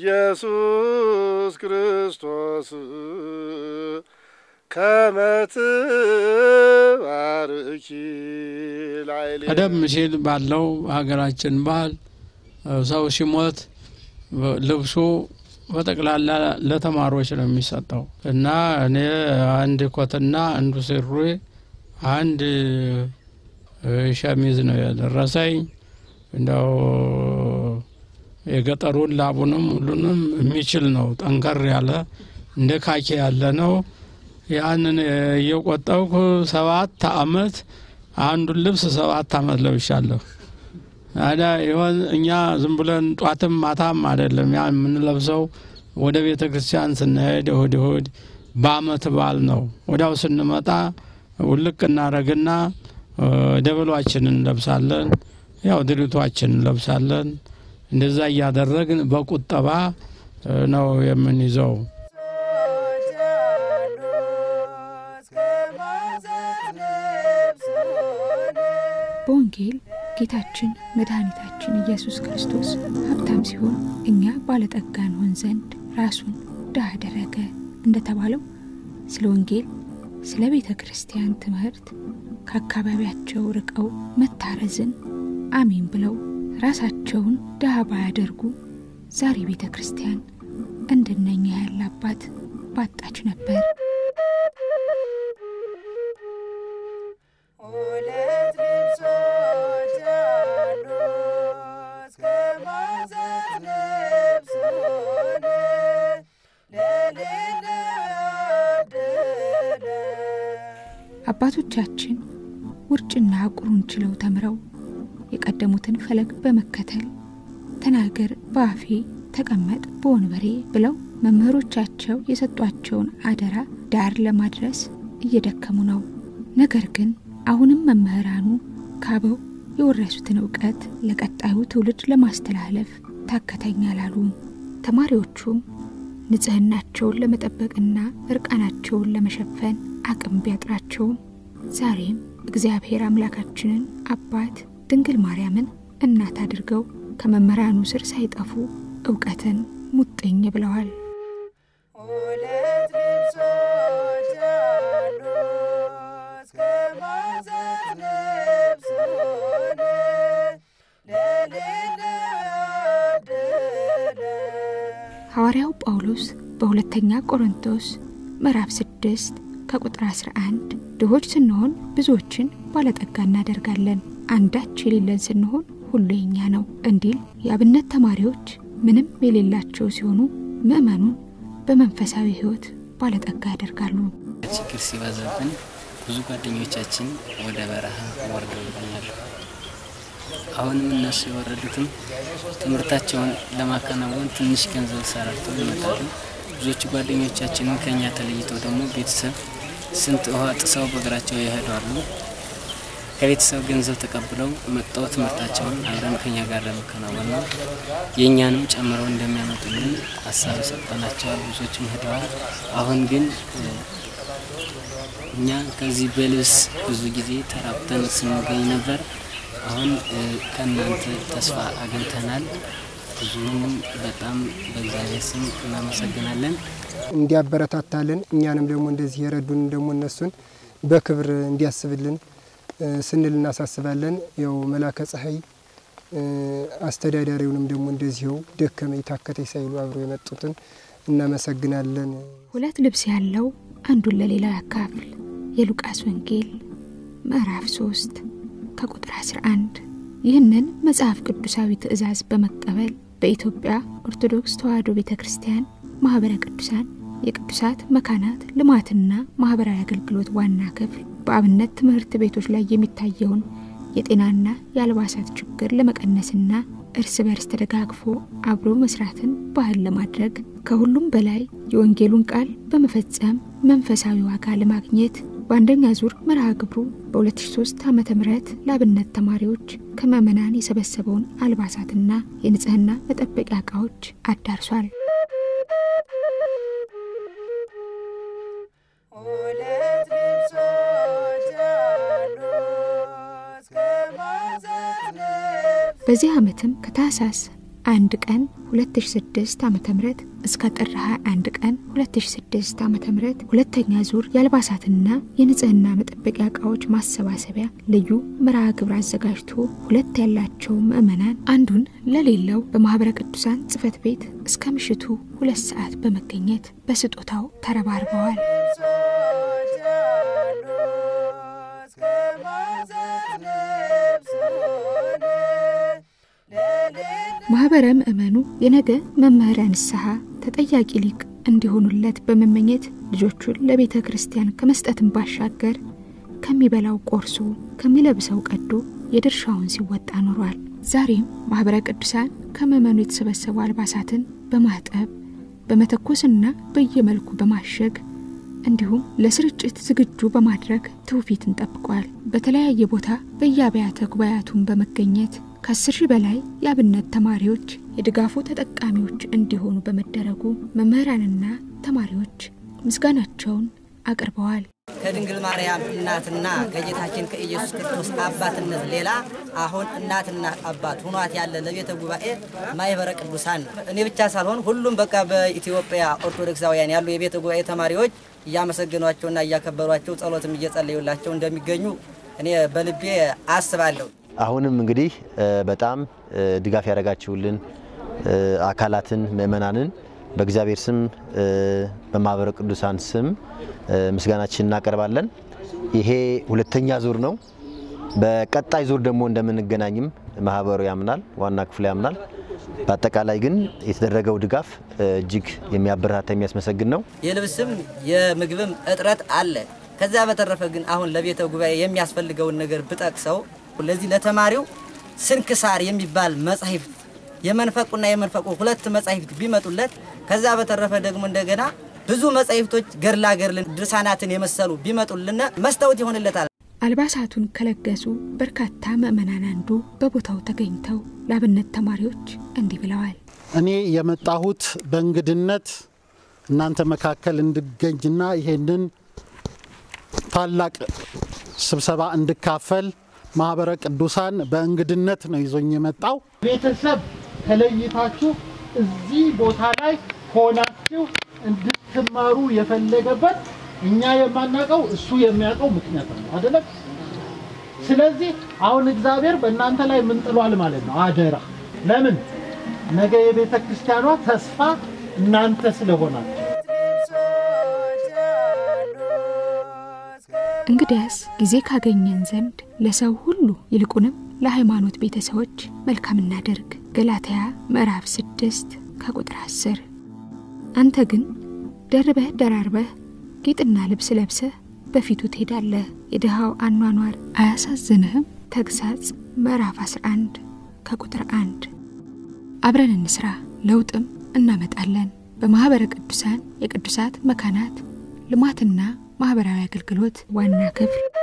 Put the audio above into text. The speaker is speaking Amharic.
ኢየሱስ ክርስቶስ ከመትባርኪ ቀደም ሲል ባለው ሀገራችን ባህል ሰው ሲሞት ልብሱ በጠቅላላ ለተማሪዎች ነው የሚሰጠው እና እኔ አንድ ኮትና አንዱ ስሪ አንድ ሸሚዝ ነው የደረሰኝ። እንደው የገጠሩን ላቡንም ሁሉንም የሚችል ነው። ጠንከር ያለ እንደ ካኪ ያለ ነው። ያንን እየቆጠብኩ ሰባት አመት አንዱን ልብስ ሰባት አመት ለብሻለሁ። ታዲያ ይሆን እኛ ዝም ብለን ጧትም ማታም አይደለም ያ የምንለብሰው ወደ ቤተ ክርስቲያን ስንሄድ እሁድ እሁድ በአመት በዓል ነው። ወዲያው ስንመጣ ውልቅ እናረግና ደበሏችን እንለብሳለን፣ ያው ድሪቷችን እንለብሳለን። እንደዛ እያደረግን በቁጠባ ነው የምንይዘው። በወንጌል ጌታችን መድኃኒታችን ኢየሱስ ክርስቶስ ሀብታም ሲሆን እኛ ባለጠጋን ሆን ዘንድ ራሱን ድሃ አደረገ እንደተባለው ስለ ወንጌል፣ ስለ ቤተ ክርስቲያን ትምህርት ከአካባቢያቸው ርቀው መታረዝን አሜን ብለው ራሳቸውን ድሃ ባያደርጉ ዛሬ ቤተ ክርስቲያን እንድነኛ ያለ አባት ባጣች ነበር። አባቶቻችን ውርጭና ቁሩን ችለው ተምረው የቀደሙትን ፈለግ በመከተል ተናገር በአፌ ተቀመጥ በወንበሬ ብለው መምህሮቻቸው የሰጧቸውን አደራ ዳር ለማድረስ እየደከሙ ነው። ነገር ግን አሁንም መምህራኑ ካበው የወረሱትን እውቀት ለቀጣዩ ትውልድ ለማስተላለፍ ታከተኛ ላሉ ተማሪዎቹም ንጽህናቸውን ለመጠበቅና እርቃናቸውን ለመሸፈን አቅም ቢያጥራቸውም ዛሬም እግዚአብሔር አምላካችንን አባት ድንግል ማርያምን እናት አድርገው ከመምህራኑ ስር ሳይጠፉ እውቀትን ሙጥኝ ብለዋል። ሐዋርያው ጳውሎስ በሁለተኛ ቆሮንቶስ ምዕራፍ ስድስት ከቁጥር 11 ድሆች ስንሆን ብዙዎችን ባለጠጋ እናደርጋለን፣ አንዳች የሌለን ስንሆን ሁሉ የኛ ነው እንዲል የአብነት ተማሪዎች ምንም የሌላቸው ሲሆኑ ምእመኑን በመንፈሳዊ ህይወት ባለጠጋ ያደርጋሉ። ችግር ሲበዛብን ብዙ ጓደኞቻችን ወደ በረሃ ይገኛሉ አሁንም እነሱ የወረዱትም ትምህርታቸውን ለማከናወን ትንሽ ገንዘብ ሰራርተው ይመጣሉ። ብዙዎቹ ጓደኞቻችንም ከእኛ ተለይተው ደግሞ ቤተሰብ ስንት ውሃ ጥሰው በእግራቸው ይሄዳሉ። ከቤተሰብ ገንዘብ ተቀብለው መጥተው ትምህርታቸውን አብረን ከኛ ጋር ለመከናወን ነው። የእኛንም ጨምረው እንደሚያመጡልን ሀሳብ ሰጠናቸዋል። ብዙዎችም ሄደዋል። አሁን ግን እኛ ከዚህ በልብስ ብዙ ጊዜ ተራብተን ስንገኝ ነበር። አሁን ከእናንተ ተስፋ አግኝተናል። ብዙም በጣም በእግዚአብሔር ስም እናመሰግናለን። እንዲያበረታታልን እኛንም ደግሞ እንደዚህ የረዱን ደግሞ እነሱን በክብር እንዲያስብልን ስንል እናሳስባለን። ያው መላከ ፀሐይ አስተዳዳሪውንም ደግሞ እንደዚህው ደከመ ታከተኝ ሳይሉ አብሮ የመጡትን እናመሰግናለን። ሁለት ልብስ ያለው አንዱን ለሌላው ያካፍል። የሉቃስ ወንጌል ምዕራፍ 3 ከቁጥር 11 ይህንን መጽሐፍ ቅዱሳዊ ትእዛዝ በመቀበል በኢትዮጵያ ኦርቶዶክስ ተዋሕዶ ቤተ ክርስቲያን ማኅበረ ቅዱሳን የቅዱሳት መካናት ልማትና ማኅበራዊ አገልግሎት ዋና ክፍል በአብነት ትምህርት ቤቶች ላይ የሚታየውን የጤናና የአልባሳት ችግር ለመቀነስና እርስ በርስ ተደጋግፎ አብሮ መስራትን ባህል ለማድረግ ከሁሉም በላይ የወንጌሉን ቃል በመፈጸም መንፈሳዊ ዋጋ ለማግኘት በአንደኛ ዙር መርሃ ግብሩ በ2003 ዓ ም ለአብነት ተማሪዎች ከመመናን የሰበሰበውን አልባሳትና የንጽህና መጠበቂያ እቃዎች አዳርሷል። በዚህ ዓመትም ከታህሳስ 1 ቀን 2006 ዓ.ም እስከ ጥር 21 ቀን 2006 ዓ.ም ሁለተኛ ዙር የአልባሳትና የንጽህና መጠበቂያ እቃዎች ማሰባሰቢያ ልዩ መርሃ ግብር አዘጋጅቶ ሁለት ያላቸው ምዕመናን አንዱን ለሌለው በማኅበረ ቅዱሳን ጽፈት ቤት እስከ ምሽቱ ሁለት ሰዓት በመገኘት በስጦታው ተረባርበዋል። ማህበረ ምእመኑ የነገ መምህረ ንስሐ ተጠያቂ ሊቅ እንዲሆኑለት በመመኘት ልጆቹን ለቤተ ክርስቲያን ከመስጠትን ባሻገር ከሚበላው ቆርሶ ከሚለብሰው ቀዶ የድርሻውን ሲወጣ ኖሯል። ዛሬም ማኅበረ ቅዱሳን ከምእመኑ የተሰበሰቡ አልባሳትን በማጠብ በመተኮስና በየመልኩ በማሸግ እንዲሁም ለስርጭት ዝግጁ በማድረግ ትውፊትን ጠብቋል። በተለያየ ቦታ በየአብያተ ጉባኤያቱን በመገኘት ከ10 ሺህ በላይ የአብነት ተማሪዎች የድጋፉ ተጠቃሚዎች እንዲሆኑ በመደረጉ መምህራንና ተማሪዎች ምስጋናቸውን አቅርበዋል። ከድንግል ማርያም እናትና ከጌታችን ከኢየሱስ ክርስቶስ አባትነት ሌላ አሁን እናትና አባት ሁኗት ያለ ለቤተ ጉባኤ ማይበረ ቅዱሳን ነው። እኔ ብቻ ሳልሆን ሁሉም በቃ በኢትዮጵያ ኦርቶዶክሳውያን ያሉ የቤተ ጉባኤ ተማሪዎች እያመሰገኗቸውና እያከበሯቸው ጸሎትም እየጸለዩላቸው እንደሚገኙ እኔ በልቤ አስባለሁ። አሁንም እንግዲህ በጣም ድጋፍ ያደረጋችሁልን አካላትን ምእመናንን በእግዚአብሔር ስም በማህበረ ቅዱሳን ስም ምስጋናችን እናቀርባለን። ይሄ ሁለተኛ ዙር ነው። በቀጣይ ዙር ደግሞ እንደምንገናኝም ማህበሩ ያምናል፣ ዋና ክፍል ያምናል። በአጠቃላይ ግን የተደረገው ድጋፍ እጅግ የሚያበረታታ የሚያስመሰግን ነው። የልብስም የምግብም እጥረት አለ። ከዛ በተረፈ ግን አሁን ለቤተ ጉባኤ የሚያስፈልገውን ነገር ብጠቅሰው በኩል ለዚህ ለተማሪው ስንክሳር የሚባል መጽሐፍት የመንፈቁና የመንፈቁ ሁለት መጽሐፍት ቢመጡለት፣ ከዛ በተረፈ ደግሞ እንደገና ብዙ መጽሐፍቶች ገድላ ገድልን ድርሳናትን የመሰሉ ቢመጡልን መስታወት ይሆንለታል። አልባሳቱን ከለገሱ በርካታ ምእመናን አንዱ በቦታው ተገኝተው ለአብነት ተማሪዎች እንዲህ ብለዋል። እኔ የመጣሁት በእንግድነት እናንተ መካከል እንድገኝና ይሄንን ታላቅ ስብሰባ እንድካፈል ማህበረ ቅዱሳን በእንግድነት ነው ይዞኝ የመጣው። ቤተሰብ ተለይታችሁ እዚህ ቦታ ላይ ሆናችሁ እንድትማሩ የፈለገበት እኛ የማናውቀው እሱ የሚያውቀው ምክንያት ነው አደለም ስለዚህ አሁን እግዚአብሔር በእናንተ ላይ ምን ጥሏል ማለት ነው? አደራ። ለምን ነገ የቤተ ክርስቲያኗ ተስፋ እናንተ ስለሆናችሁ እንግዲያስ ጊዜ ካገኘን ዘንድ ለሰው ሁሉ ይልቁንም ለሃይማኖት ቤተሰቦች መልካም እናደርግ። ገላትያ ምዕራፍ ስድስት ከቁጥር አስር አንተ ግን ደርበህ ደራርበህ ጌጥና ልብስ ለብሰ በፊቱ ትሄዳለህ። የድሃው አኗኗር አያሳዝንህም? ተግሳጽ ምዕራፍ 11 ከቁጥር 1። አብረን እንስራ፣ ለውጥም እናመጣለን። በማኅበረ ቅዱሳን የቅዱሳት መካናት ልማትና ማህበራዊ አገልግሎት ዋና ክፍል